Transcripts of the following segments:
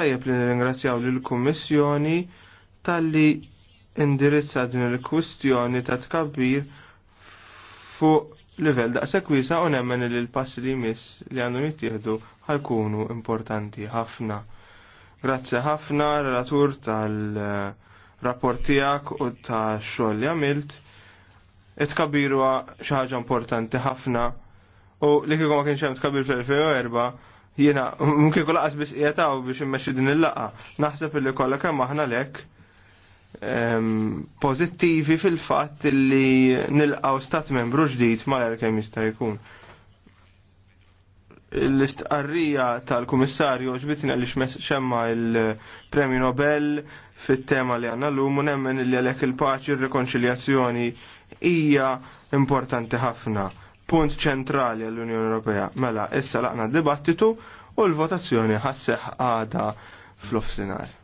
Tajjeb li nirringrazzjaw lill kummissjoni talli indirizza din il-kwistjoni ta' tkabbir fuq livell da' sekwisa u nemmen li l-passi li jmiss li għandhom jittieħdu għalkunu importanti ħafna. Grazzi ħafna relatur tal-rapport tiegħek u tax-xogħol li għamilt. It-kabbiru xi ħaġa importanti ħafna u li kikom ma kienx hemm tkabbir fl-2004 Jiena, mumkin kolla qas bis u biex immexxi din il-laqa. Naħseb illi kolla kemm aħna lek pozittivi fil-fatt li nilqaw stat membru ġdid malajr kemm jista' jkun. L-istqarrija tal-Kummissarju ġbitni għaliex xemma il-Premju Nobel fit-tema li għanna l-lum u nemmen li għalek il-paċi, il-rekonċiljazzjoni hija importanti ħafna punt ċentrali għall-Unjoni Ewropea. Mela, issa laqna dibattitu u l-votazzjoni ħasseħ għada fl-offsinar.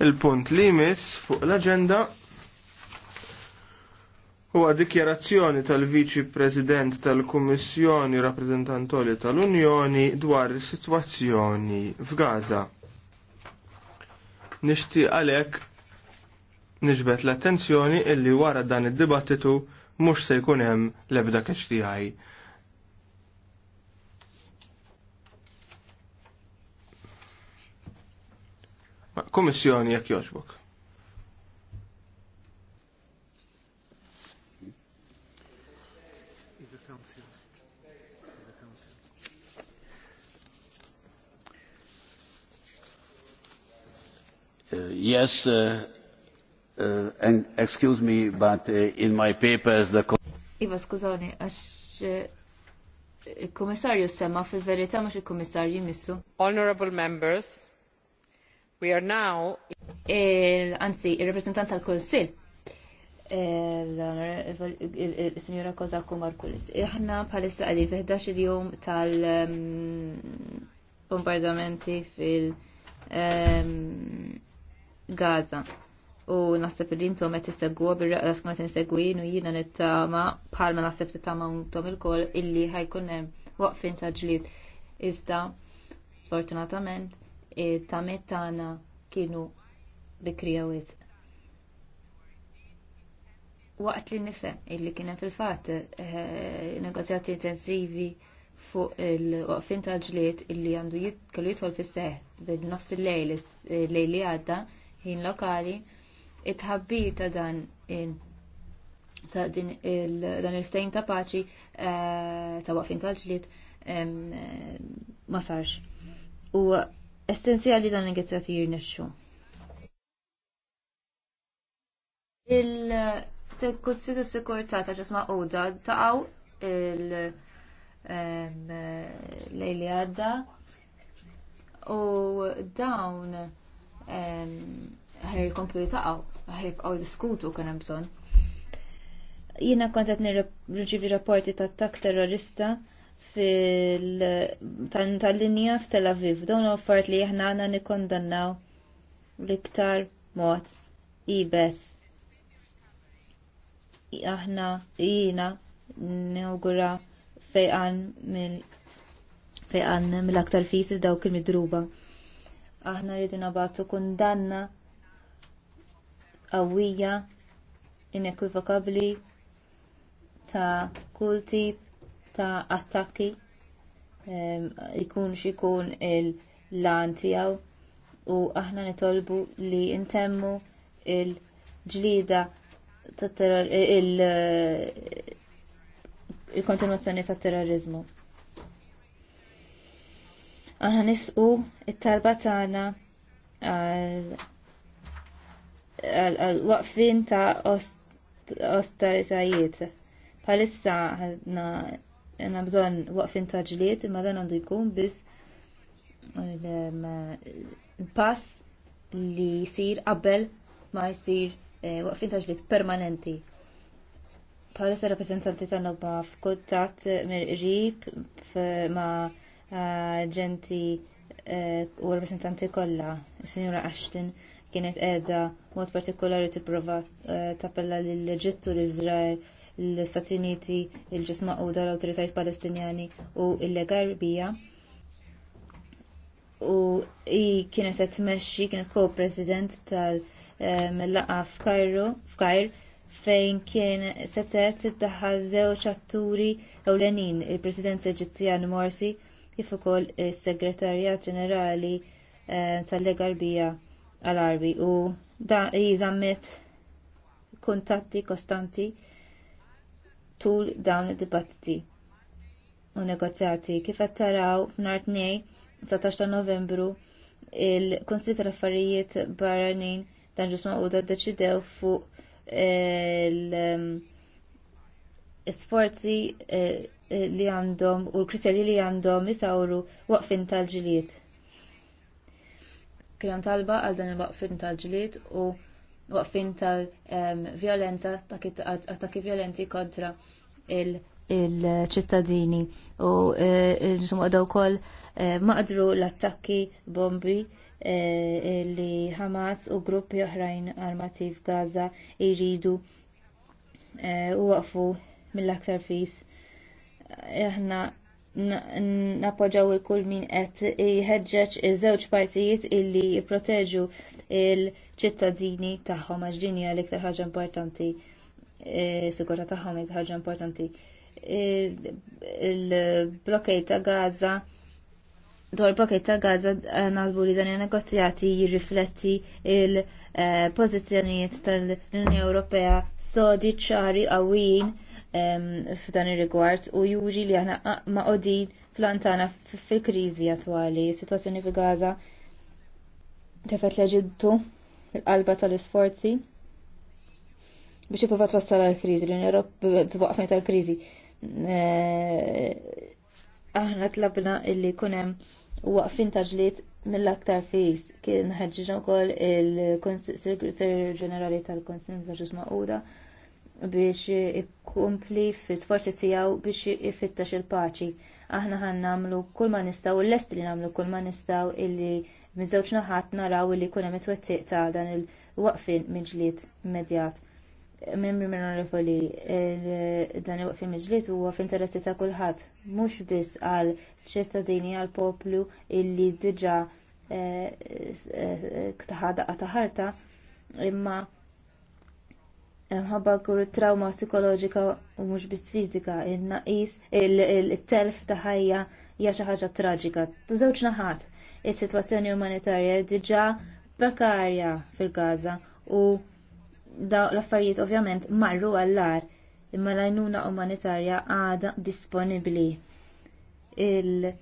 Il-punt li jmiss fuq l-agenda huwa dikjarazzjoni tal-Viċi President tal-Kummissjoni Rappresentantoli tal-Unjoni dwar is-sitwazzjoni f'Gaza. Nixtieq għalhekk niġbet l-attenzjoni illi wara dan id-dibattitu mhux se jkun hemm l-ebda KHDI. Komissjoni jekk jogħġbok. Uh, yes, uh, Uh, and excuse me, but uh, in my papers the... Iva, skużani, għax uh, il-komissarju sema fil-verità mux il-komissarju jimissu. Honorable members, we are now... Il, anzi, il-reprezentant tal-konsil, il-signora Koza Kumar Kulis. Iħna bħalissa għalli fi 11 jum tal-bombardamenti um, fil-Gaza. Um, u nasib li intom qed tissegwa bil raqlas kma tinsegwin u jiena nittama bħalma t-tama intom il-kol illi ħajkun hemm waqfin ta' ġlid. Iżda sfortunatament ta' tamiet tagħna kienu bikrija wisq. Waqt li nifhem illi kien hemm fil fat eh, negozjati intensivi fuq il-waqfin tal-ġlied illi għandu kellu jidħol fis-seħ bil-nofs il-lejl il li għadda ħin lokali it-ħabbir ta' dan ta' din dan il-ftejn ta' paċi eh, ta' waqfin tal-ġlied eh, ma sarx. U essenzjali dan negozjati jirnexxu. Il-kussidu sekurtà ta' ġisma' ta' għaw il- lejli għadda u dawn ħajr kompli taqaw, ħajr bqaw diskutu kan hemm bżonn. Jiena kont qed rapporti ta' attak terrorista fil tal-linja f'Tel Aviv. Dawn offert li aħna għandna nikkondannaw l-iktar mod ibes. Aħna jiena nawgura fejqan mill fejqan mill-aktar fisi dawk il-midruba. Aħna rridu nabatu kundanna qawwija inekwivokabbli ta' kull tip ta' attakki ehm, ikun xikun il-lan tijaw u aħna nitolbu li intemmu il-ġlida eh, il-kontinuazzjoni ta' terrorizmu. Aħna nisqu it-talba tagħna għal għal-waqfin ta' ostaritajiet. Palissa għanna bżon waqfin ta' ġliet, imma dan għandu jkun biss um, pass li jisir qabel ma jisir eh, waqfin ta' ġliet permanenti. Palissa rappresentanti tagħna ma f'kuntatt mir-qrib ma ġenti eh, u rappresentanti kollha, is Ashton kienet edha mod partikolari tipprova eh, tappella l-Eġittu, l-Izrael, l-Stati Uniti, il-ġisma u dal awtoritajiet palestinjani u l-Garbija. U i kienet qed tmexxi, kienet co president tal-laqa eh, f'Kajro, f'Kajr, fejn kien setet iddaħħal żewġ atturi ewlenin il-President Eġizzjan Morsi kif ukoll is-Segretarjat Ġenerali eh, tal-Legarbija għal-arbi u da jizammet kontatti kostanti tul dawn id-dibattiti u negozjati. Kif qed taraw f'nar 19 ta' Novembru il-Konsil tal-Affarijiet Barranin dan ġusma u deċidew fuq l-sforzi um, eh, li għandhom u l-kriterji li għandhom jisawru waqfin tal-ġiliet. Kien hemm talba għal dan il-waqfin tal-ġlied u waqfin tal-violenza, attakki violenti kontra il-ċittadini u e, e, insomma daw kol e, maqdru l-attakki bombi li Hamas u gruppi oħrajn armati f'Gaza jridu u waqfu mill-aktar fis aħna napoġaw il-kull min qed jħeġġeġ iż-żewġ partijiet illi jipproteġu il-ċittadini tagħhom għax din hija l-iktar ħaġa importanti sigurta tagħhom hija ħaġa importanti. Il-blokkej ta' Gaza dwar blokkej ta' Gaza naħsbu li dan negozjati jirrifletti il-pożizzjonijiet tal-Unjoni Ewropea sodi ċari qawwin f'dan ir-rigward u juri li aħna ah, ma' qodin fl fil-kriżi attwali, situazzjoni fi Gaza tefet leġidtu il-qalba tal-isforzi biex jipprova twassal għal-kriżi, l-Unjoni Ewropea fejn tal-kriżi. Eh, aħna tlabna illi kunem waqfin ta' ġlied mill-aktar fis kien ħedġiġa wkoll il segretar Ġenerali tal-Konsil ta' Ġus biex ikkumpli fis sforzi tiegħu biex ifittex il-paċi. Aħna ħan nagħmlu kull ma nistgħu lest li nagħmlu kull ma nistgħu illi miżewġ naħat naraw illi jkun hemm it-twettiq ta' dan il-waqfin minn ġlied immedjat. Membri minn onorevoli dan il-waqfin minn ġlied huwa f'interessi ta' kulħadd, mhux biss għal ċittadini għal poplu illi diġà ktaħadaqa eh, eh, eh, ta' ħarta imma Imħabba kur trauma psikoloġika u mhux biss fiżika, in-naqis il-telf ta' ħajja hija xi ħaġa traġika. Tużewġ naħat is-sitwazzjoni umanitarja diġà prekarja fil-Gaza u da l-affarijiet ovvjament marru għall-ar imma l-għajnuna umanitarja għada disponibbli. Il-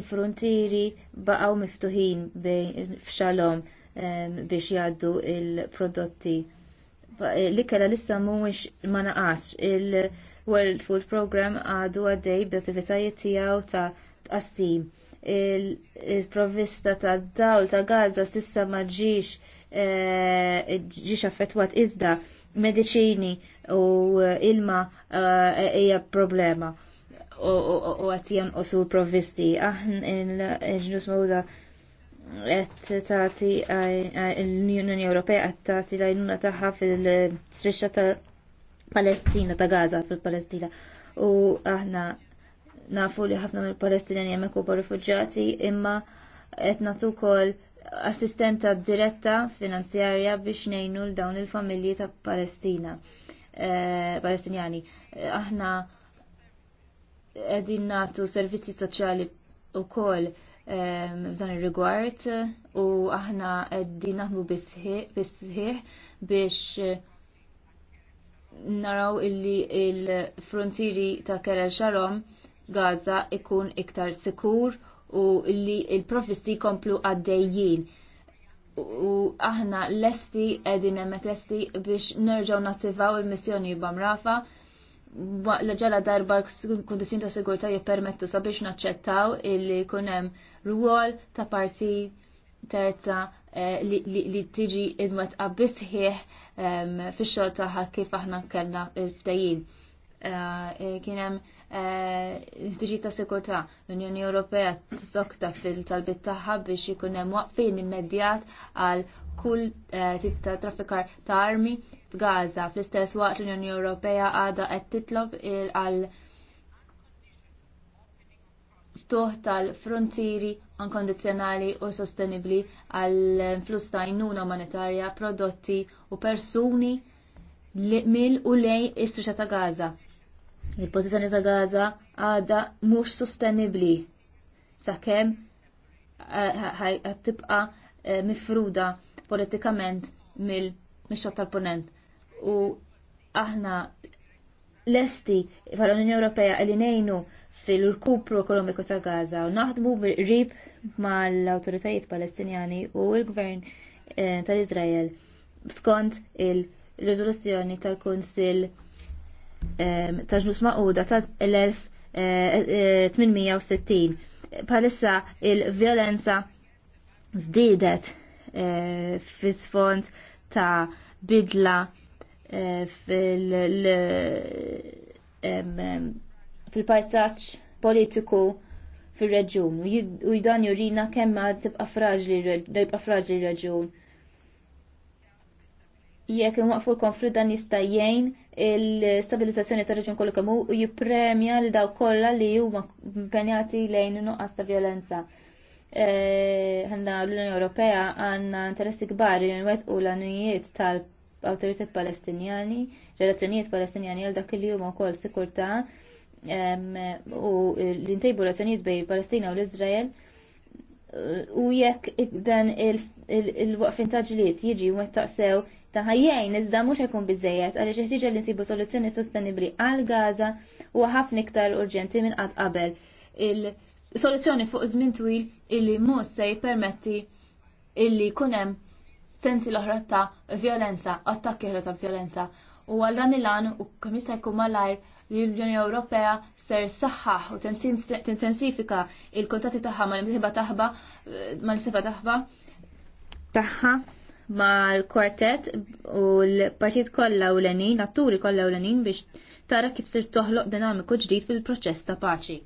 il-frontieri baqgħu miftuħin bejn f'xalom biex jgħaddu il-prodotti. Eh, L-ikela lissa mhuwiex ma naqas il-World Food Program għadu għaddej b'attivitajiet tiegħu ta' tqassim. Il-provvista ta' dawl ta' Gaza sissa ma ġiex eh, ġiġ affettwat iżda mediċini u eh, ilma hija problema u għatijan osu provvisti. Aħn il-ġnus mawda qed tagħti l-Unjoni Ewropea qed tagħti l-għajnuna tagħha fil strisċa ta' Palestina ta' Gaza fil-Palestina. U aħna nafu li ħafna mill-Palestinjani hemmhekk huma rifugġati imma qed nagħtu wkoll assistenta diretta finanzjarja biex ngħinu l dawn il-familji ta' Palestina. Eh, Palestinjani. Aħna qegħdin nagħtu servizzi soċjali wkoll f'dan ir-rigward u aħna qegħdin naħdmu bisħieħ biex eh, naraw illi il-frontieri ta' Kerel Sharom Gaza ikun iktar sikur u illi il-profisti komplu għaddejjin u aħna lesti edin emmek lesti biex nerġaw nattivaw il-missjoni bamrafa l-ġala darba kondizjoni ta' sigurta jippermettu sabiex naċċettaw illi kunem Rwol ta' parti terza eh, li tiġi idma tqabbis ħieħ fi xogħol tagħha kif aħna kellna f'dajjin. Eh, eh, kien hemm tiġi ta' sikurtà l-Unjoni Ewropea t-sokta fil-talbit tagħha biex ikun hemm waqfin immedjat għal kull tip ta' traffikar ta' armi f'Gaza. Fl-istess waqt l-Unjoni Ewropea għadha qed titlob għal ftuħ tal-frontieri ankondizjonali u sostenibbli għall flus ta' għajnuna umanitarja, prodotti u persuni mill u lejn istriċa ta' Gaza. Il-pożizzjoni ta' Gaza għadha mhux sostenibbli sakemm eh, tibqa eh, mifruda politikament mill-mixxat tal-ponent. U aħna lesti bħala unjoni Ewropea li ngħinu fil-rkupru ekonomiku ta' Gaza u naħdmu rib mal-autoritajiet palestinjani u l-gvern eh, tal-Izrael skont il-rezoluzzjoni tal-Kunsil eh, ta' ġnus maquda ta' 1860 Palissa il-violenza zdidet eh, fil sfond ta' bidla fil- fil-pajsaġġ politiku fil-reġun u jdan jurina kemma tibqa fraġli reġun. Jekk waqfu l-konflitt dan jista' jgħin il-stabilizzazzjoni tar reġun kollu kemmu u jippremja li daw kollha li huma impenjati lejn nuqqas ta' violenza. Għanna e, l-Unjoni Ewropea għandna interessi kbar li nwettqu l-anujiet tal-awtoritet palestinjani, relazzjonijiet palestinjani għal dak li huma wkoll sikurtà u l-intejbu relazzjonijiet bej Palestina u l-Izrael u jekk dan il-waqfin ta' ġlied jiġi u sew ta' ħajjejn iżda mhux ikun biżejjed għaliex jeħtieġ li nsibu soluzzjoni sostenibbli għal Gaza u ħafna iktar urġenti minn qatt qabel. Il-soluzzjoni fuq żmien twil illi mhux se jippermetti illi kun hemm sensi l-oħra ta' violenza, attakki oħra ta' violenza u għal dan il-għan u komissar jkun malajr li l-Unjoni Ewropea ser saħħaħ u tintensifika il-kontatti tagħha mal-imsiba taħba mal-imsiba taħba taħħa mal-kwartet u l-partit kollha u l atturi kollha u l-enin biex tara kif sir toħloq dinamiku ġdid fil-proċess ta' paċi.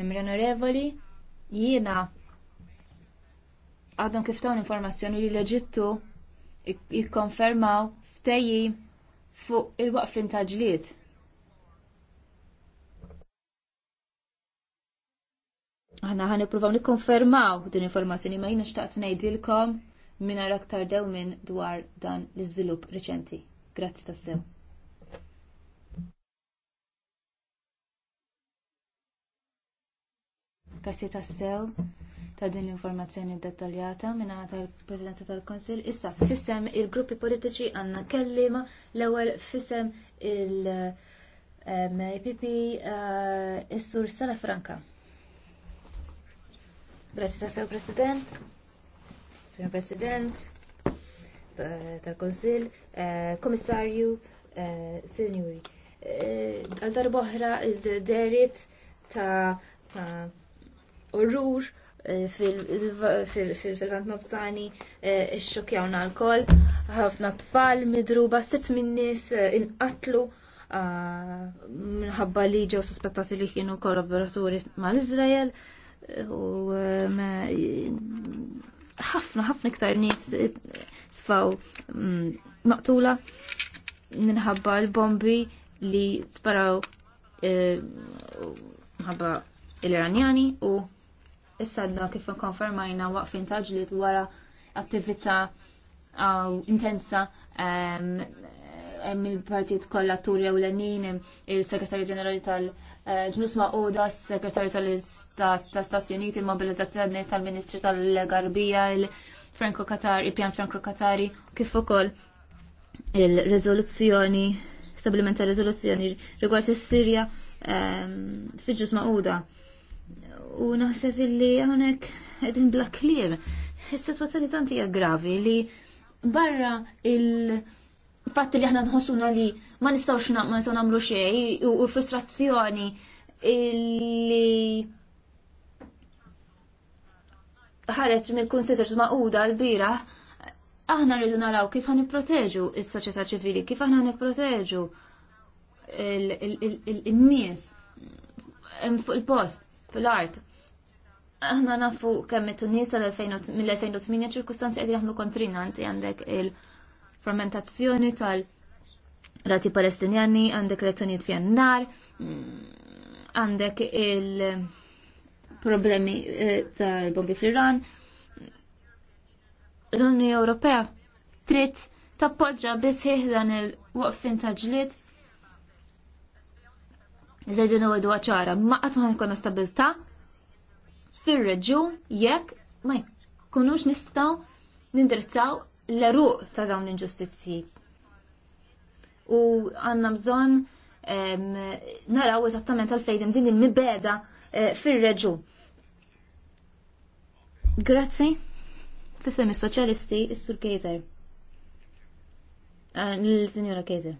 Memri onorevoli, jiena għadhom kif tawn informazzjoni li leġittu? jikkonfermaw ftejji fuq il-waqfin ta' ġlied. Aħna ħan nippruvaw nikkonfermaw din informazzjoni ma jina xtaqt nejdilkom minna aktar dew minn dwar dan l-iżvilupp reċenti. Grazzi sew. Grazzi sew ta' din l-informazzjoni dettaljata minna tal-Presidenza tal-Konsil. Issa, fissem il-gruppi politiċi għanna kellima l-ewel fissem il mpp e eh, Issur Sala Franka. Grazie ta' President, Signor President eh, tal-Konsil, eh, Komissarju, Signori. Għal darboħra il-derit ta' orrur fil-vant nofsani xokjawna l-kol, ħafna tfal midruba, sitt minnis inqatlu minħabba li ġew sospettati li kienu kollaboraturi mal izrael u ħafna ħafna iktar nies sfaw maqtula minħabba l-bombi li sparaw minħabba l-Iranjani u issadna kif konfermajna waqfin ta' wara attività uh, intensa mill-partijiet um, kollha turi ewlenin, il-Segretarju Ġenerali tal-Ġnus uh, Maquda, s-Segretarju tal-Istat ta' Stati Uniti, il-mobilizzazzjoni tal-Ministri tal-Garbija, il-Franco Katari, il-Pjan Franco Katari, kif ukoll il-rezoluzzjoni, stabilimenta rezoluzzjoni rigward is-Sirja um, fiġus Maquda u naħseb illi hawnhekk qegħdin bla klir. Is-sitwazzjoni tant hija gravi li barra il- fatt li aħna nħossuna li ma nistgħux ma nistaw nagħmlu xejn u frustrazzjoni li ħareġ mill-considers maquda l-bira aħna rridu naraw kif ħan nipproteġu il soċjetà ċivili, kif aħna nipproteġu il-nies fuq il-post fil-art. Aħna nafu kemm it-Tunisa mill-2008 ċirkustanzi qed jaħdmu kontrina inti għandek il-fermentazzjoni tal-rati palestinjani, għandek elezzjonijiet f'jannar, għandek il-problemi eh, tal-bombi fl-Iran. L-Unjoni Ewropea trid tappoġġa biss dan il-waqfin tal-ġlied Zeġenu għedu għacħara, ma għatma ħajkonna stabilta fil reġu jekk ma jkunux nistaw nindirizzaw l eru ta' dawn l inġustizji U għanna bżon naraw eżattament għal-fejdim din il-mibeda eh, fil reġu Grazzi, fissem soċalisti il-sur Kejzer. Eh, L-Sinjora Kejzer.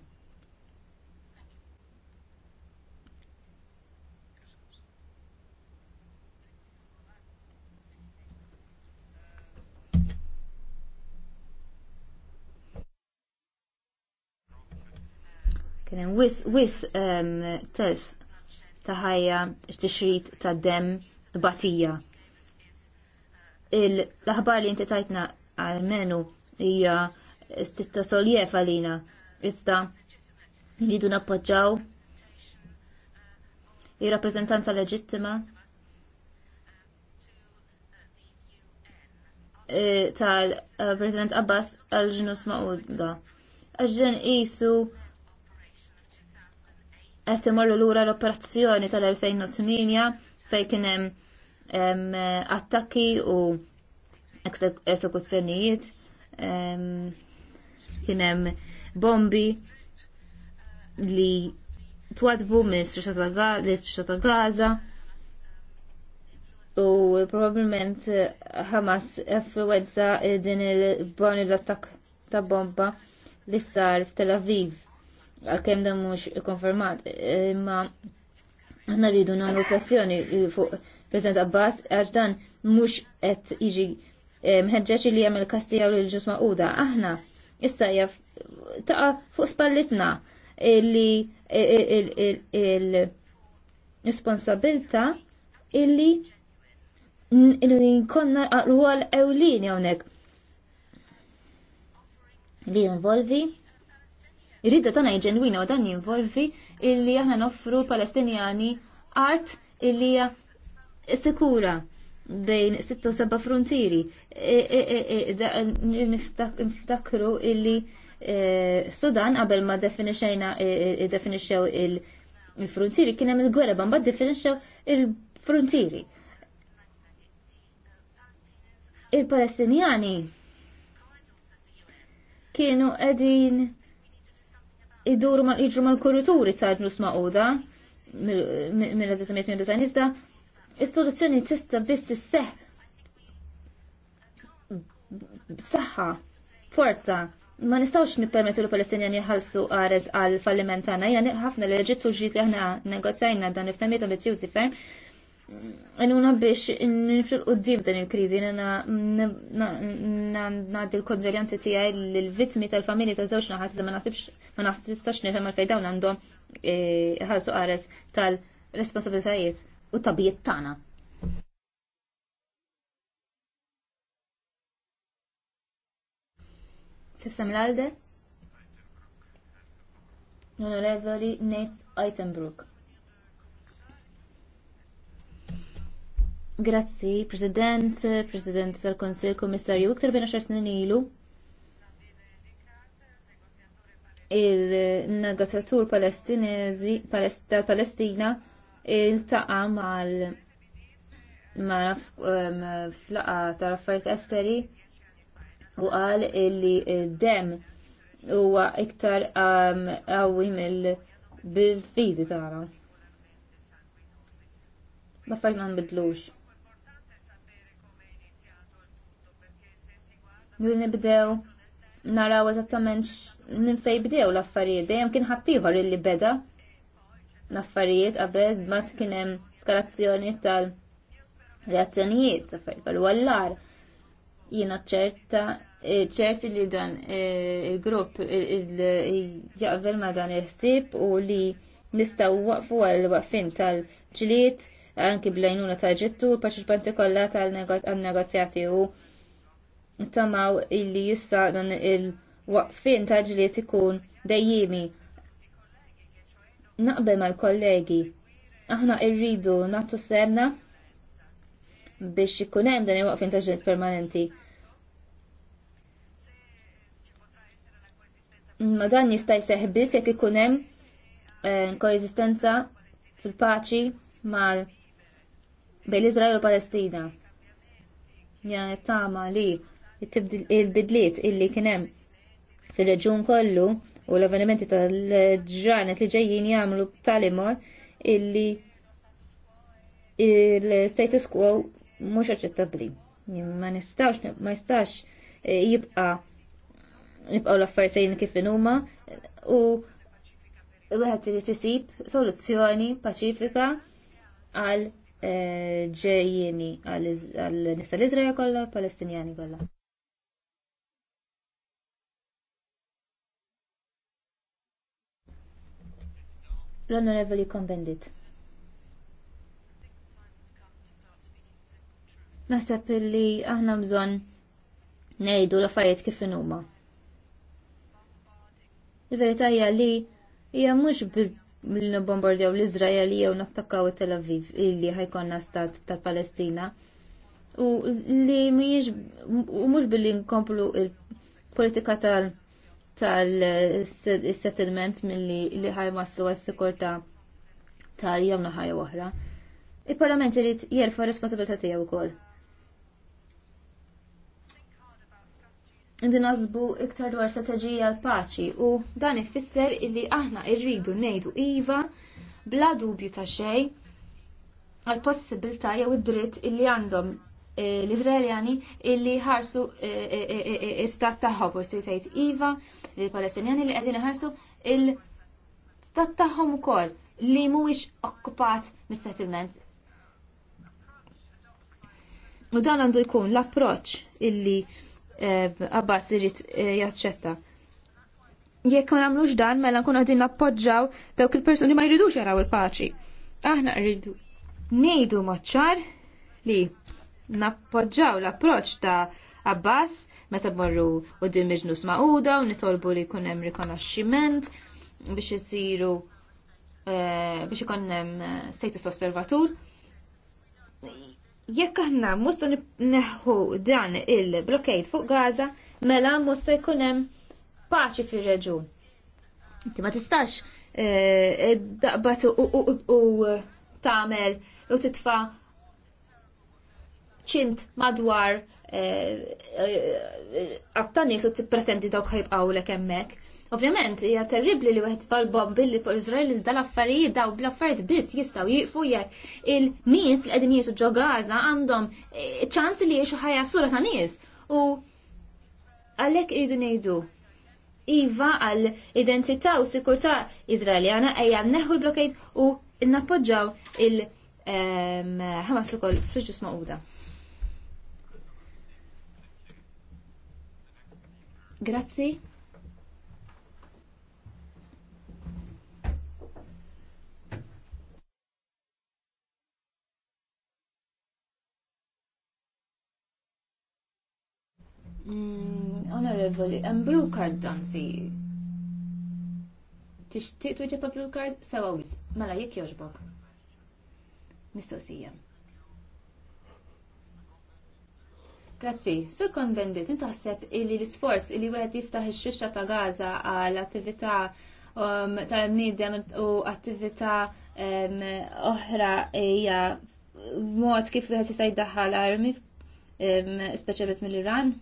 Kien hemm wis wis telf ta' ħajja x'tixrid ta' dem tbatija. L-aħbar li inti tajtna għal-menu hija stista soljef għalina. Ista jridu nappoġġaw ir-rappreżentanza leġittima e, tal-President Abbas għal-ġinus maqda. Għaxġen isu marru l lura l-operazzjoni tal-2008 fejn kienem hemm attakki u esekuzzjonijiet kien hemm bombi li twadbu minn istriċa ta' Gaza u probabbilment Hamas influenza din il-boni l-attak ta' bomba li sar f'Tel Aviv għalkemm dan mhux konfermat, imma aħna rridu nagħmlu kwestjoni fuq President Abbas għax dan mhux qed jiġi eh, mħeġġeġ li il-kastija kastijaw l ġusma da, Aħna issa jaf taqa fuq spallitna li il-responsabilta illi konna għal ewlin hawnhekk li involvi Irridda tana ġenwina u dan jinvolvi illi aħna noffru Palestinjani art illi sikura bejn 6-7 frontieri. E, e, e, niftakru illi Sudan qabel ma definixajna definixxew il frontiri kien hemm il-gwerra bamba definixxew il frontiri Il-Palestinjani kienu qegħdin iduru ma iġru ma l-kurrituri ta' ġnus maquda mill-1990 iżda is-soluzzjoni tista' biss isseħ b'saħħa, forza, ma nistawx nippermettu l-Palestinjani jħallsu għarez għal falliment jgħan ħafna l ġittu ġid li aħna negozjajna dan il-ftemiet ambizjużi għanuna biex nifil qoddim din il-krizi, nadi l-kondoljanzi tijaj l-vitmi tal-familji ta' zewċ naħat, ma nasibx, ma nasistax nifem għal dawn għandhom e, ħalsu għares tal-responsabilitajiet u tabijiet tana. Fissam l-għalde? Onorevoli Nate Eitenbrook. Grazzi, President, President tal-Konsil, Komissarju, iktar bina xar snin ilu. Il-negozjatur tal-Palestina il-taqa mal ma flaqa tal-affarijiet esteri u qal illi dem huwa iktar qawwi mill-bil-fidi tagħna. Ma fajn nbidlux. li nibdew naraw eżattament minn fejn bdew l-affarijiet. Dejjem kien ħaddieħor illi beda l-affarijiet qabel ma kien hemm skalazzjoni tal-reazzjonijiet, affarijiet wallar. Jiena ċerta eh, ċerti li dan eh, il-grupp jaqbel ma dan il-ħsieb u li nistaw waqfu għal-waqfin tal ġlied anki blajnuna tal-ġittu, parċipanti kollha tal-negozjati u tamaw illi jissa dan il-waqfin ta' ġlied ikun dejjimi. Naqbel mal-kollegi, aħna irridu nagħtu semna biex ikun hemm dan il-waqfin ta' ġliet permanenti. Ma dan jista' jseħħ biss jekk ikun hemm eh, koeżistenza fil-paċi mal bejn Iżrael u Palestina. Jan tama li il-bidliet illi kienem fil-reġun kollu u l-avvenimenti tal-ġranet li ġejjin jagħmlu tal-imod illi il-status quo mhux aċċettabbli. Ma nistax ma jistax eh, jibqa' jibqgħu l-affarijiet sejn kif huma u l-wieħed irid isib soluzzjoni paċifika għal eh, ġejjini għal nista l izraja kolla, Palestinjani kollha. l-Onorevoli Kombendit. Naħseb li aħna bżonn ngħidu l-affarijiet kif huma. Il-verità hija li hija mhux li nibbombardjaw l izraeli jew nattakkaw it-Tel Aviv illi ħajkonna stat tal-Palestina. U li mhijiex u mhux billi nkomplu il-politika tal-Palestina tal-settlement milli li ħaj maslu għas-sikurta tal-jamna ħajja oħra. Il-Parlament irid jerfa' responsabilità tiegħu wkoll. Indi naħsbu iktar dwar strateġija paċi u dan ifisser illi aħna irridu ngħidu iva bla dubju ta' xejn għal possibilità jew id-dritt illi għandhom Eh, l-Izraeljani illi ħarsu eh, eh, istat taħħom opportunitajiet IVA l-Palestinjani li qegħdin ħarsu il-stat taħħom ukoll li mhuwiex okkupat mis-settlement. U dan għandu jkun l-approċ illi Abbas irid jaċċetta. Jekk ma nagħmlux dan mela nkun qegħdin nappoġġaw dawk il-persuni ma jridux jaraw il-paċi. Aħna rridu ngħidu maċċar li nappoġġaw l approċċ ta' Abbas meta morru u din miġnus ma'uda u nitolbu li jkun hemm rikonoxximent biex isiru biex ikun hemm status osservatur. Jekk aħna musta neħu dan il-blokkejt fuq Gaza, mela musta jkun hemm paċi fir-reġun. Inti ma tistax daqbat u tagħmel u titfa' ċint madwar eh, eh, għattani su t-pretendi dawk ħajbqaw l kemmek. Ovvjament, hija terribli li wieħed tal-bomb billi fuq Iżrael iżda l-affarijiet daw bl-affarijiet biss jistgħu jieqfu jekk il-nies li qegħdin jiesu ġo Gaza għandhom eh, ċans li jiexu ħajja sura ta' nies. U għalhekk iridu ngħidu iva għal identità u sikurtà Iżraeljana ejja neħu l-blokkejt u nappoġġaw il- ħamas ehm, ukoll fl-ġus maquda. Grazzi. Mm, onorevoli, hemm blue card danzi. Tixtieq tweġeb blue card? Sewa wis. Mela jekk jogħġbok. Mistoqsija. Grazzi, sur kon bendit, intaħseb illi l-sforz illi wieħed jiftaħ ix-xixxa ta' Gaza għal attività um, ta' mniedem u attività um, oħra hija mod kif wieħed jista' l armi um, speċjalment mill-Iran.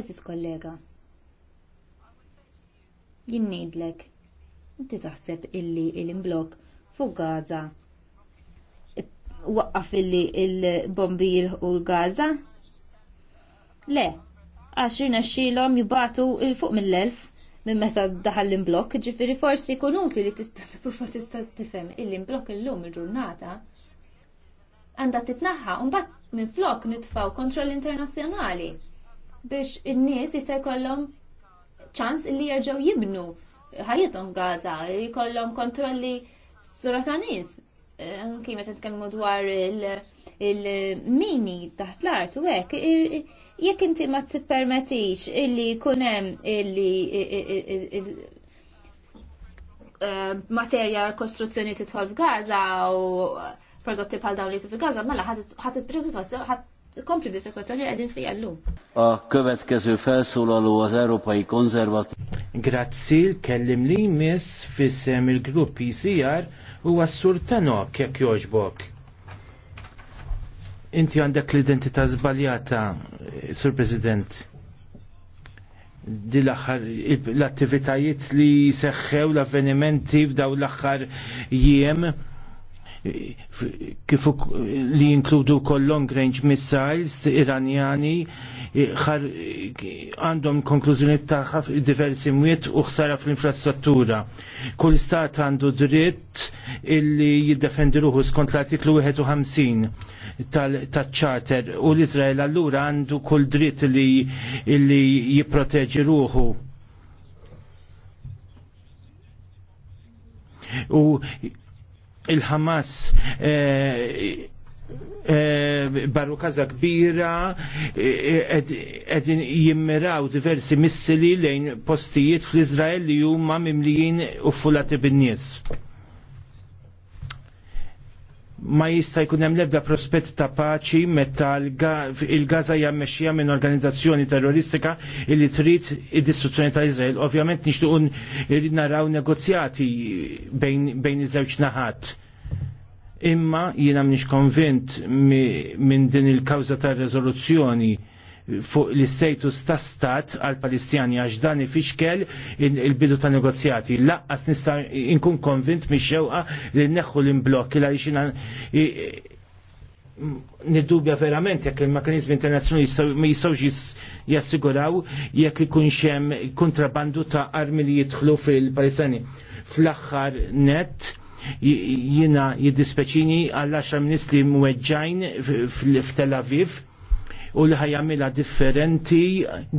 Eżis kollega, Jinnidlek inti taħseb illi il imblok fuq Gaza waqqaf illi il-bombi u l-Gaza? Le, għax xilom jubatu il-fuq mill-elf minn meta daħal l-imblok, ġifiri forsi kun utli li t-prova tista' tifhem il-imblok illum il-ġurnata t-tnaħħa, u mbagħad minn flok nitfaw kontroll internazzjonali biex in-nies jista' jkollhom ċans li jerġgħu jibnu ħajjithom Gaza, jkollhom kontrolli s-Rotanis. Eh, anki meta tkellmu dwar il-mini taħt l-art u hekk, jekk inti ma tippermetix illi jkun hemm illi eh, materja kostruzzjoni titħol f'Gaza u prodotti bħal dawn li fil-Gaza, mela ħadd kompli di situazzjoni għedin fi għallu. A következő felszólaló az Európai Konzervatív. Grazzi l-kellim li mis fissem il-grupp PCR e u għassur tanok kek joġbok. Inti għandek l-identità zbaljata, Sur President. Di l-axar, l-attivitajiet li seħħew l-avvenimenti f'daw l-axar jiem Kifu li jinkludu wkoll long range missiles iranjani eh, għandhom konklużjoni ta' diversi mwiet u ħsara fl-infrastruttura. Kull stat għandu dritt illi jiddefendi ruħu skont l-artiklu 51 tal-ċarter u l-Izrael allura għandu kull dritt li, li jipproteġi ruħu. U il-Hamas eh, eh, barrukaza kbira edin eh, jimmiraw diversi missili lejn postijiet fl-Izrael li huma mimlijin u fulati bin-nies ma jista' jkun hemm l-ebda prospett ta' paċi meta il-Gaza hija mmexxija minn organizzazzjoni terroristika li trid id-distruzzjoni ta' Iżrael. Ovvjament nixtiequ naraw negozjati bejn iż-żewġ naħat. Imma jiena mniex konvint minn din il-kawża tar-reżoluzzjoni fuq l-istatus ta' stat għal palestjani għax dan ifixkel il-bidu ta' negozjati. Laqqas nista' inkun konvint mi xewqa li neħħu l imblokki la' xina niddubja verament jekk il-mekanizmi internazzjonali ma jistgħux jassiguraw jekk ikun xem kontrabandu ta' armi li jidħlu fil-Palestini. Fl-aħħar net jina jiddispeċini għall-10 ministri mweġġajn f'Tel Aviv u li ħajamila differenti,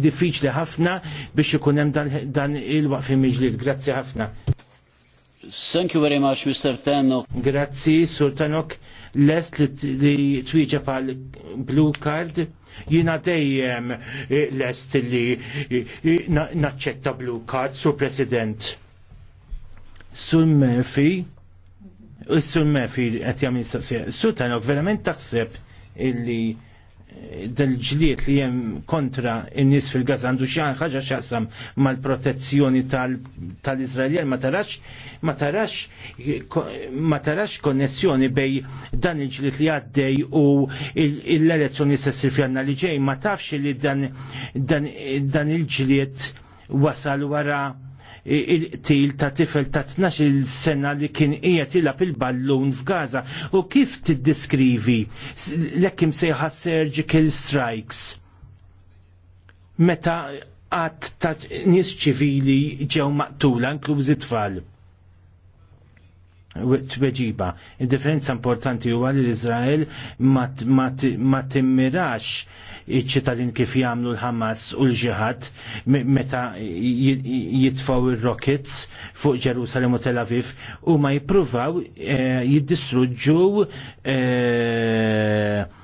diffiċli ħafna biex ikun hemm dan, dan il waqfi miġlil. Grazzi ħafna. Thank you very much, Mr. Tenok. Grazzi, Sur Tenok. Lest li twiġa pal blue card, jina dejjem eh, lest li eh, eh, naċċetta blue card, Sur President. Sur Murphy, Sur Murphy, għet s-sassi, Sur Tenok, verament taħseb illi dal ġliet li jem kontra in-nies fil-Gaza għandu xan ħaġa xaqsam mal-protezzjoni tal-Izraeljen ma tarax ma tarax ma tarax konnessjoni bej dan il-ġliet li għaddej u l-elezzjoni sessir fjanna li ġej ma tafx li dan il-ġliet wasal wara il-til ta' tifel ta' 12 sena li kien qiegħed jilab il-ballun f'Gaza u kif tiddiskrivi l-ekkim sejħa surgical strikes meta għat ta' nies ċivili ġew maqtula inklużi tfal tweġiba. Il-differenza importanti huwa li l-Izrael ma timmirax iċ-ċittadin kif jagħmlu l-Ħamas u l-ġihad meta jitfaw ir-rockets fuq Ġerusalem u Tel Aviv u ma jippruvaw eh, jiddistruġġu eh,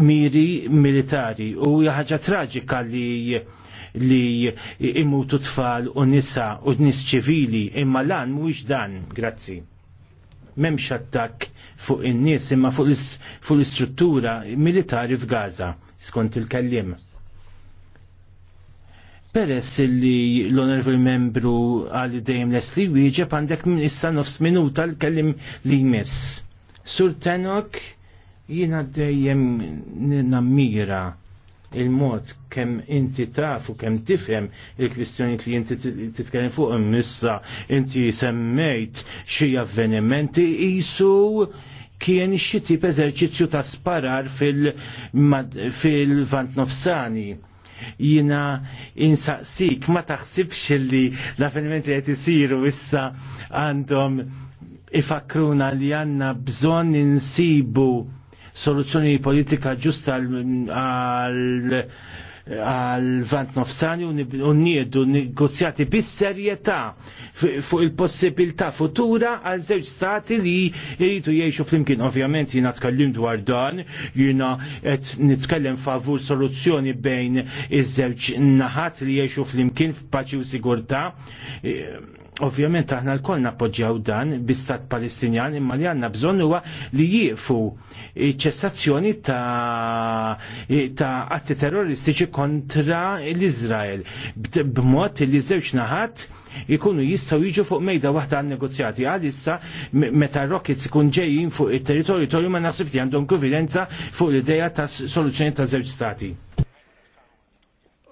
miri militari u ħaġa traġika li li imutu tfal u nisa u nis ċivili imma lan mhuwiex dan. Grazzi memx attakk fuq in-nies imma fuq l-istruttura militari f'Gaza skont il-kellim. Peress li l-onorevoli membru għal dejjem Leslie wieġeb għandek minn issa nofs minuta l-kellim li jmiss. Sur Tenok jiena dejjem nammira il-mod kemm inti taf u kemm tifhem il-kwistjoni li inti titkellem fuq missa inti semmejt xi avvenimenti isu kien xi tip eżerċizzju ta' sparar fil-vant nofsani. Jina insaqsik ma taħsibx li l-avvenimenti qed isiru issa għandhom ifakruna li għandna bżonn insibu soluzzjoni politika ġusta għal vant nofsani u niedu negozjati bis-serjetà fuq il-possibilità futura għal żewġ stati li jridu jgħixu flimkien. Ovvjament jina tkellim dwar dan, jina qed nitkellem favur soluzzjoni bejn iż-żewġ naħat li jgħixu flimkien f'paċi u sigurtà. Ovvjament aħna l-koll nappoġġjaw dan bistat Palestinjan imma li għandna bżonn huwa li jiefu ċessazzjoni ta' ta' atti terroristiċi kontra l-Iżrael b'mod li żewġ naħat ikunu jistgħu jiġu fuq mejda waħda għal negozjati għalissa meta rockets ikun ġejjin fuq it-territorju ma naħseb li għandhom konfidenza fuq l-idea ta' soluzzjoni ta' żewġ stati.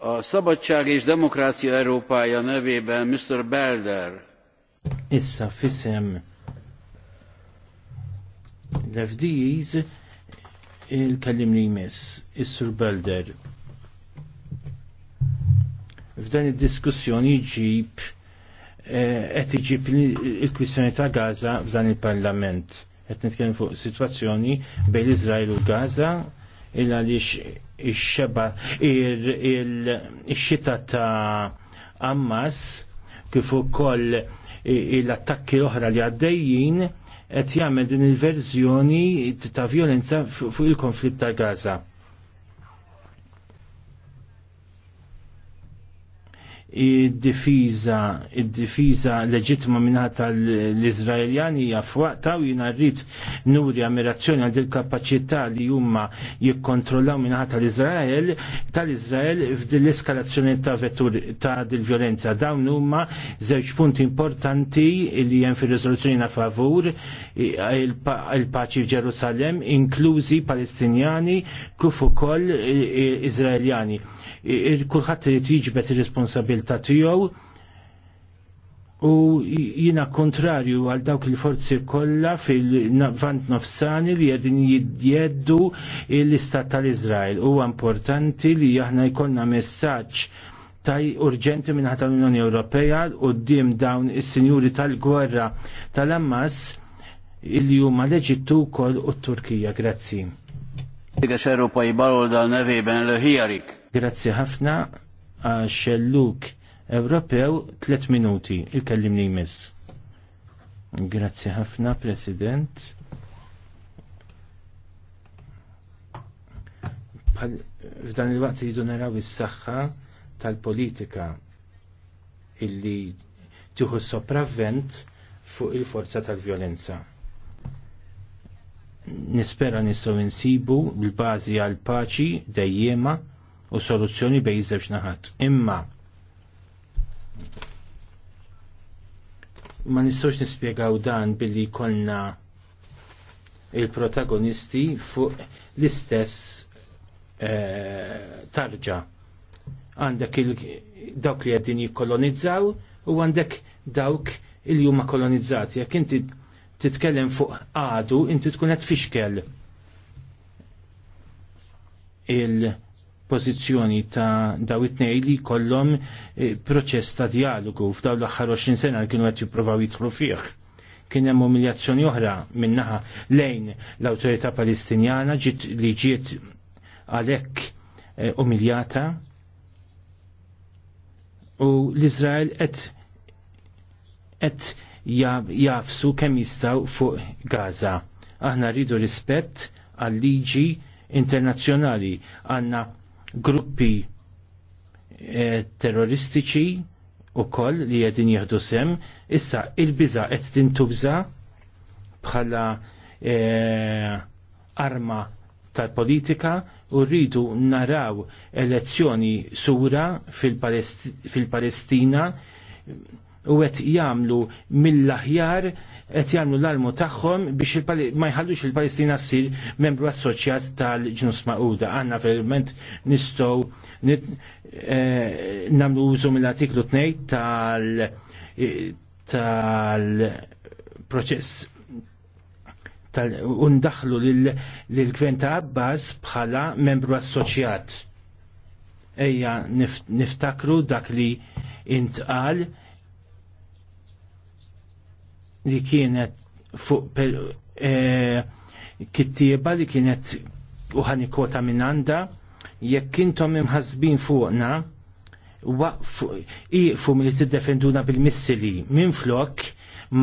A Szabadság és Demokrácia Európája nevében Mr. Belder. Issa fissem l-FDIs il-kellimni jmiss, Issur Belder. F'dan id-diskussjoni ġib eh, qed iġib il-kwistjoni ta' Gaza f'dan il-Parlament. Qed nitkellem fuq sitwazzjoni bejn l-Iżrael u Gaza il għaliex ix-xeba il-xita ta' Ammas kif ukoll l-attakki l-oħra li għaddejjin qed jagħmel din il-verżjoni ta' violenza fuq il-konflitt ta' Gaza. id-difiża id-difiża leġitma minnaħat tal-Izraeljani hija f'waqta u jiena rrid nuri ammirazzjoni għal il-kapaċità li huma jikkontrollaw minnaħat tal-Iżrael tal-Iżrael f'din l-eskalazzjoni ta' vettur ta' dil-vjolenza. Dawn huma żewġ punti importanti li hemm fir-riżoluzzjoni na favur il-paċi f'Ġerusalem inklużi Palestinjani kif ukoll Iżraeljani. Kulħadd irid jiġbed ir-responsabilità tas tiegħu u jina kontrarju għal dawk il-forzi kollha fil-vant nofsani li jedin jidjeddu l-istat tal-Izrael. Huwa importanti li aħna jkollna messaġġ taj urġenti minn ħata l-Unjoni Ewropea u d-dim dawn is-sinjuri tal-gwerra tal-Ammas il huma l-Eġittu wkoll u t-Turkija. Grazzi. Grazzi ħafna għax xelluk Ewropew 3 minuti, il-kellimni jmiss. Grazzi ħafna, President. F'dan il-waqt jidu naraw is-saħħa tal-politika illi tieħu sopravvent fuq il-forza tal-vjolenza nispera nistgħu insibu bil-bażi għal paċi dejjema u soluzzjoni bejn żewġ naħat. Imma Ma nistgħux nispjegaw dan billi jkollna il-protagonisti fuq l-istess eh, tarġa. Għandek dawk li għedin jikkolonizzaw u għandek dawk il huma kolonizzati. Jek inti titkellem fuq għadu, inti tkun qed fiskel il- pożizzjoni ta' daw it-tnej li kollom eh, proċess ta' dialogu f'daw l axħar 20 sena li kienu qed jiprofaw jitħlu fih. Kien hemm umiljazzjoni oħra minnaħa lejn l-awtorità Palestinjana ġiet li ġiet għalhekk eh, umiljata u l-Iżrael qed qed jafsu kemm jistgħu fuq Gaza. Aħna rridu rispett għal liġi internazzjonali għanna gruppi eh, terroristiċi u koll li jedin jihdu sem, issa il-biza qed tintubza bħala eh, arma tal-politika u rridu naraw elezzjoni sura fil-Palestina fil palestina u għet jamlu mill-aħjar, għet jamlu l-almu taħħom biex ma jħallux il-Palestina s-sir membru assoċjat tal-ġnus ma'uda. Għanna verment nistow eh, namlu użu mill-artiklu 2 tal- tal-proċess tal undaxlu l-gvern ta' Abbas bħala membru assoċjat. Ejja niftakru dak li intqal li kienet fuq e, kittieba li kienet uħani kota minn għanda jekk intom imħazbin fuqna waqfu iqfu mill tiddefenduna bil-missili minn flok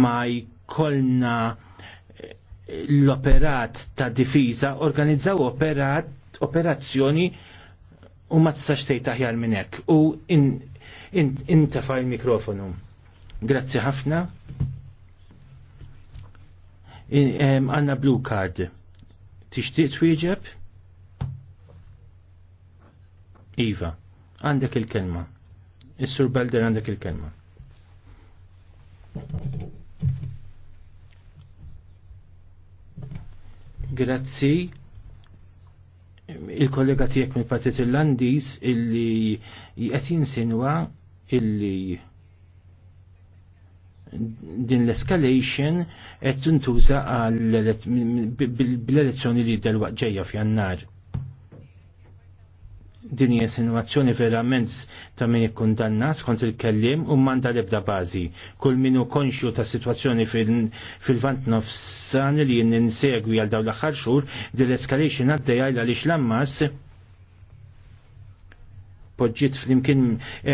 ma jkollna eh, l-operat ta' difiża organizzaw operat operazzjoni u ma tistax tgħid aħjar minn hekk u intefa' in, in il-mikrofonu. Grazzi ħafna għanna blue card. Tixtieq twieġeb? Iva, għandek il-kelma. Is-Sur Belder għandek il-kelma. Grazzi il-kollega tiegħek mill-Partit Irlandiż illi qed jinsinwa illi din l-escalation qed tintuża bil-elezzjoni li del ġejja f'jannar. Din hija sinwazzjoni verament ta' min ikkundanna skont il-kellim u manda l-ebda bażi. Kull min hu konxju ta' sitwazzjoni fil-vant nofsan li jinsegwi għal dawn l-aħħar xhur din l-escalation għaddejja għaliex l-ammas poġġiet flimkien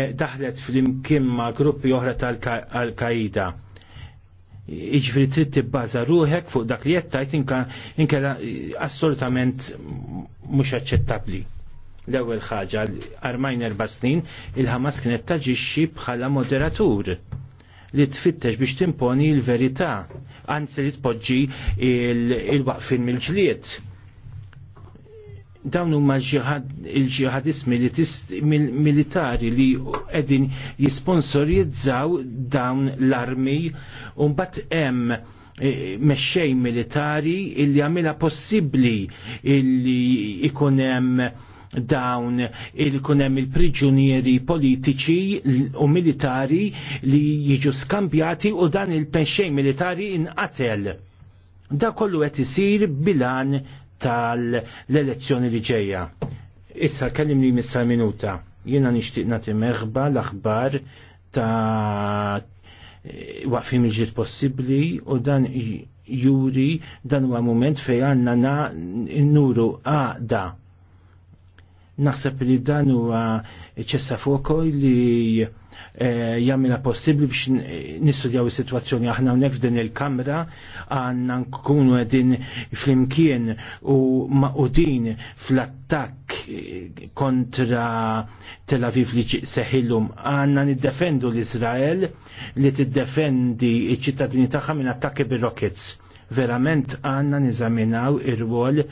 eh, daħlet flimkien ma' gruppi oħra tal-Qaida. Iġifri trid tibbaża ruħek fuq dak li qed tajt inkella eh, assolutament mhux aċċettabbli. L-ewwel ħaġa armajn erba' snin il-Ħamas kienet taġixxi bħala moderatur li tfittex biex timponi l-verità, anzi li tpoġġi il-waqfin mill-ġlied dawn huma il-ġihadismi militari li qegħdin jisponsorizzaw dawn l-armi u mbagħad hemm eh, mexxej militari illi għamilha possibbli illi ikun hemm dawn il-kunem il-priġunieri politiċi u militari li jiġu skambjati u dan il-penxej militari inqatel. Da kollu qed isir bilan tal-elezzjoni li ġejja. Issa kellimni missa minuta. Jiena nixtieq nagħti merħba l-aħbar ta' waqfim il-ġiet possibbli u dan juri dan huwa moment fejn għandna na n nuru għada. naħseb li dan huwa ċessa fuq li Eh, jagħmilha possibbli biex nistudjaw is-sitwazzjoni aħna hawnhekk f'din il-kamra għandna nkunu qegħdin flimkien u maqudin fl-attakk eh, kontra Tel Aviv li seħillum għanna niddefendu l-Iżrael li tiddefendi ċ-ċittadini tagħha minn attakki bir-rockets. Verament għandna niżaminaw ir wol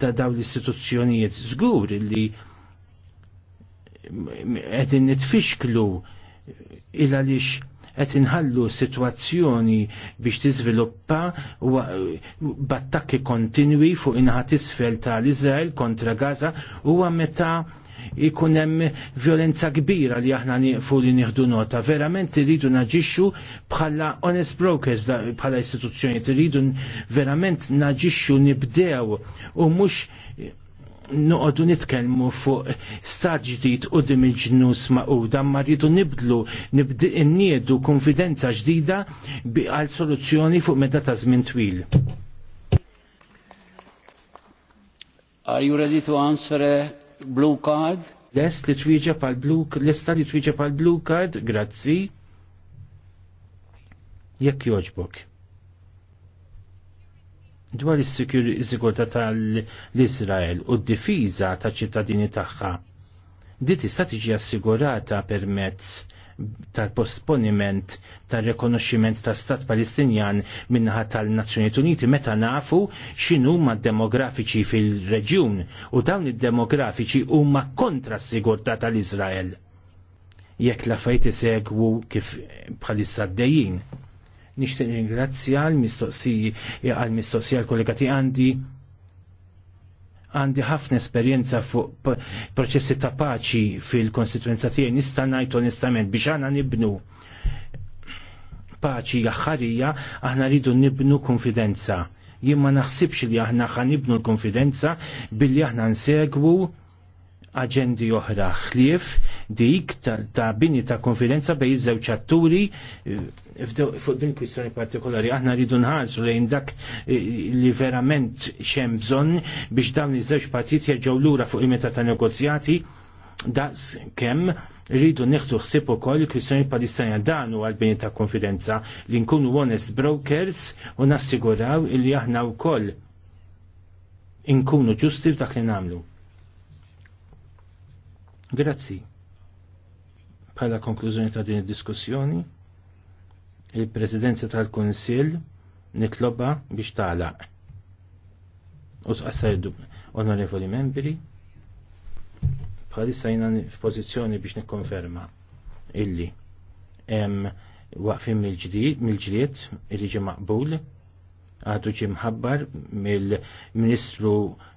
ta' dawn l-istituzzjonijiet żgur li qegħdin nitfixklu il għaliex qed inħallu situazzjoni biex tiżviluppa battakki kontinwi fuq inħat isfel tal izrael kontra Gaza huwa meta ikun hemm violenza kbira li aħna fu li nieħdu nota. Verament irridu naġixxu bħala honest brokers bħala istituzzjoni, irridu verament naġixxu nibdew u mhux noqogħdu nitkellmu fuq stat ġdid u dim il-ġnus maquda ma rridu nibdlu nibdi konfidenza ġdida għal soluzzjoni fuq medda ta' żmien twil. Are you ready to answer a blue card? Yes, li twieġa pal blue l-esta li twieġa pal blue card, grazzi. Jekk joġbok dwar is-sigurtà tal israel u d-difiża taċ ċittadini tagħha. Di tista' tiġi assigurata permezz tal-postponiment tal-rekonoxximent ta' stat palestinjan naħa tal-Nazzjonijiet Uniti meta nafu x'inhu ma' demografiċi fil-reġjun u dawn id-demografiċi huma kontra s-sigurtà tal-Iżrael. Jekk la fejt isegwu kif bħalissa d Nixtieq ringrazzja l-mistoqsiji għal-mistoqsija l-kollega ti għandi għandi ħafna esperjenza fuq proċessi ta' paċi fil-konstituenza tiegħi nista' ngħid onestament biex għana nibnu paċi jaħħarija aħna rridu nibnu konfidenza. Jien ma naħsibx li aħna ħan l-konfidenza billi aħna nsegwu aġendi oħra ħlief dik ta', bini ta' konfidenza bej iż-żewġ atturi eh, fuq din kwistjoni partikolari aħna rridu nħarsu lejn dak eh, li verament xem bżonn biex dawn iż-żewġ partit jerġgħu lura fuq il-meta ta' negozjati daqs kemm rridu neħtu ħsieb ukoll kwistjoni palestinja dan huwa l-bini ta' konfidenza li nkunu honest brokers u nassiguraw li aħna wkoll inkunu ġusti f'dak li nagħmlu. Grazzi. Bħala konklużjoni ta' din id-diskussjoni il-Presidenza tal-Kunsill nitloba biex tagħlaq. U tqassajdu onorevoli membri, bħalissa jina f'pożizzjoni biex nikkonferma illi hemm waqfim mill ġdiet illi ġi maqbul għadu ġi mħabbar mill-Ministru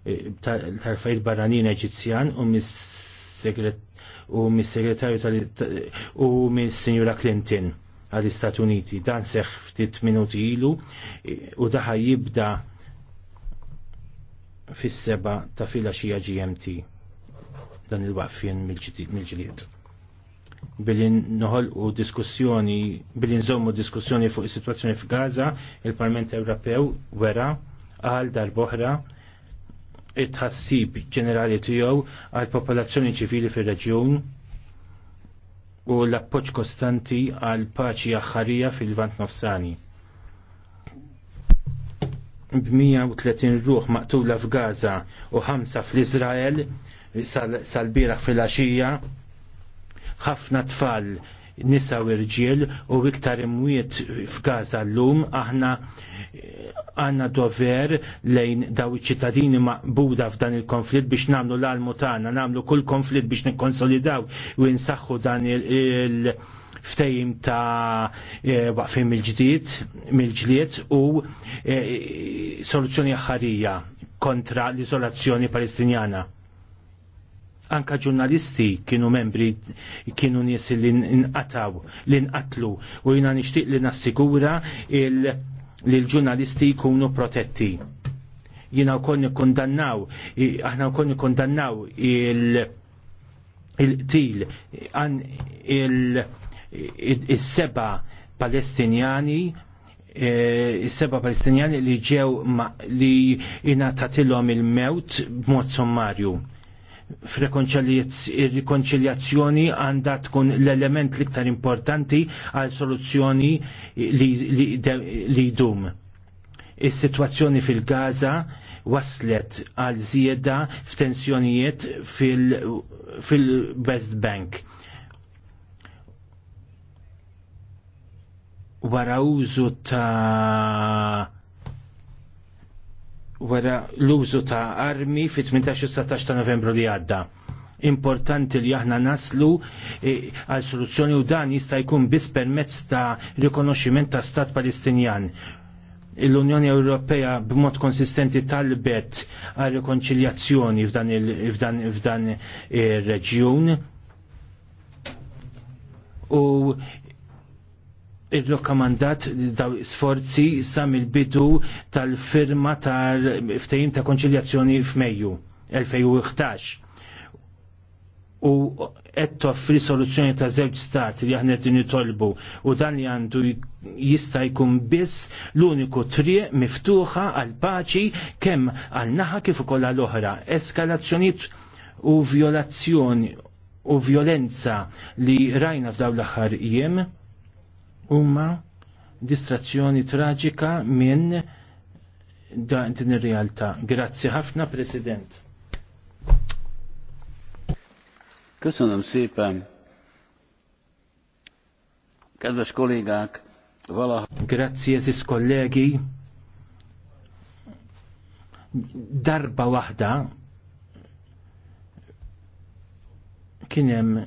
eh, tal-Fajt Barranin Eġizzjan u mis-Segretarju u mis-Sinjura Clinton għall-Istati Uniti. Dan seħ ftit minuti ilu u daħa jibda fis-seba ta' filgħaxija GMT dan il-waqfien mill-ġlied. Bilin noħol u diskussjoni, bilin zommu diskussjoni fuq is-sitwazzjoni f'Gaza, il-Parlament Ewropew wera għal darboħra it-ħassib ġenerali tiegħu għal popolazzjoni ċivili fir-reġjun u l-appoċ kostanti għal paċi aħħarija fil-vant nofsani. B-130 ruħ maqtula f'Gaza u ħamsa fl-Izrael sal-biraħ fil-axija ħafna tfal nisa u rġiel u iktar imwiet f'Gaza l-lum aħna eh, għanna dover lejn daw iċ-ċittadini maqbuda f'dan il-konflitt biex namlu l-almu tagħna, namlu kull konflitt biex nikkonsolidaw u nsaħħu dan il- ftejim ta' eh, waqfim il ġdid mill-ġliet u eh, soluzzjoni ħarija kontra l-izolazzjoni palestinjana anka ġurnalisti kienu membri kienu nies li nqataw, li nqatlu u jina nixtieq li nassigura li l-ġurnalisti jkunu protetti. Jina wkoll nikkundannaw, aħna wkoll nikkundannaw il-qtil għan il-seba palestinjani e, il seba palestinjani li ġew li inatatilhom il-mewt b'mod sommarju f'rekonċiljazzjoni għandha tkun l-element l-iktar importanti għal soluzzjoni li jdum. Is-sitwazzjoni fil-Gaza waslet għal zieda f'tensjonijiet fil-West Bank. Wara użu ta' wara l-użu ta' armi fit 18 16 ta' novembru li għadda. Importanti li aħna naslu e, għal soluzzjoni u dan jista' jkun biss permezz ta' rikonoxximent ta' stat palestinjan. L-Unjoni Ewropea b'mod konsistenti talbet għal rikonċiljazzjoni f'dan ir-reġjun u irrokamandat daw sforzi sa mill-bidu tal-firma tal ftejim ta' konċiljazzjoni f'Mejju 2011 u qed toffri soluzzjoni ta' żewġ stat li aħna qed nitolbu u dan li għandu jista' jkun biss l-uniku triq miftuħa għal paċi kemm għal naħa kif ukoll l oħra. Eskalazzjonijiet u violazzjoni u violenza li rajna f'dawn l-aħħar jiem huma distrazzjoni traġika minn din ir-realtà. Grazzi ħafna, President. Köszönöm szépen. Kedves kollégák, valaha... Grazie, esis kollégi. Darba wahda Kinem